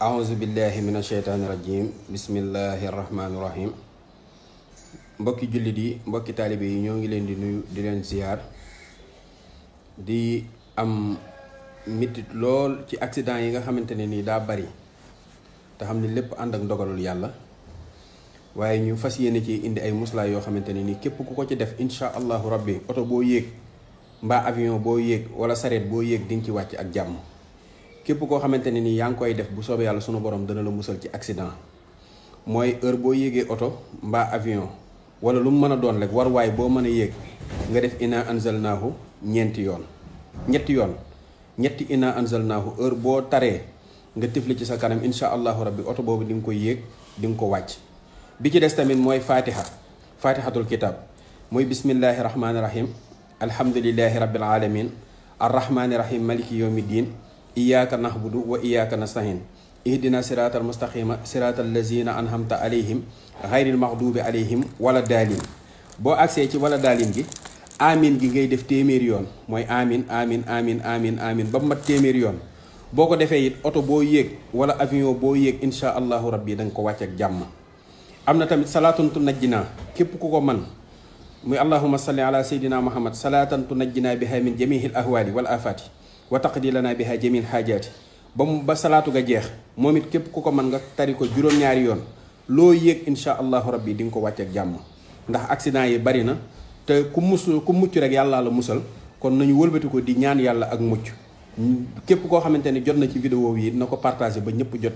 auzu billahi min asheytaani rajim bismillahi rahmaani rahim mbokki jullit yi mbokki taalibe yi ñoo ngi leen di nuyu di leen ziyaar di am mettit lool ci accident yi nga xamante ne nii daa bari te xam ne lépp ànd ak ndogalul yàlla waaye ñu fas yéene ci indi ay muslaay yoo xamante ni nii képp ku ko ci def insha allahu rabbi oto boo yéeg mbaa avion boo yéeg wala sareet boo yéeg dinga ci wàcc ak jàmm képp koo xamante ne nii yaa ngi koy def bu soobee yàlla sunu borom dana la musal ci accident mooy heure boo yéegee oto mbaa avion wala lu mu mën a doon rek waruwaay boo mën a yéeg nga def ina anzalnaahu ñeenti yoon ñetti yoon ñetti ina anzalnaahu heure boo taree nga tifli ci sa kanam incha allahu rabbi oto boobu di nga ko yéeg di nga ko wàcc bi ci des tamit mooy fatiha fatihatul kitab mooy bismillahi rahmaani rahim alhamdulillahi rabbil alamin arrahmaani rahim maliki yawmi diin إياك نعبد وإياك نستعين اهدنا صراط المستقيم صراط الذين أنعمت عليهم غير المغضوب عليهم ولا الضالين boo agsee ci wala daalin gi amin gi ngay def téeméer yoon mooy amin amin amin amin amin ba mat téeméer yoon boo ko defee it oto boo yéeg wala avion boo yéeg insha allahu rabbi da nga ko wàcc ak jàmm am na tamit salaatantu najjinaa képp ku ko man muy allahuma salli ala sayyidina muhammad salaatantu najjinaa biha min jamihil ahwaali wal afaati wa taqdi lana biha bi xaajaati ba mu ba salaatu ga jeex moom it képp ku ko mën nga tari ko juróom-ñaari yoon loo yéeg insha allahu rabbi di nga ko wàcceeg jàmm ndax accident yi bari na te ku mus ku mucc rek yàlla la musal kon nañu wëlbati ko di ñaan yàlla ak mucc képp koo xamante ne jot na ci vidéo yi na ko partagé ba ñëpp jot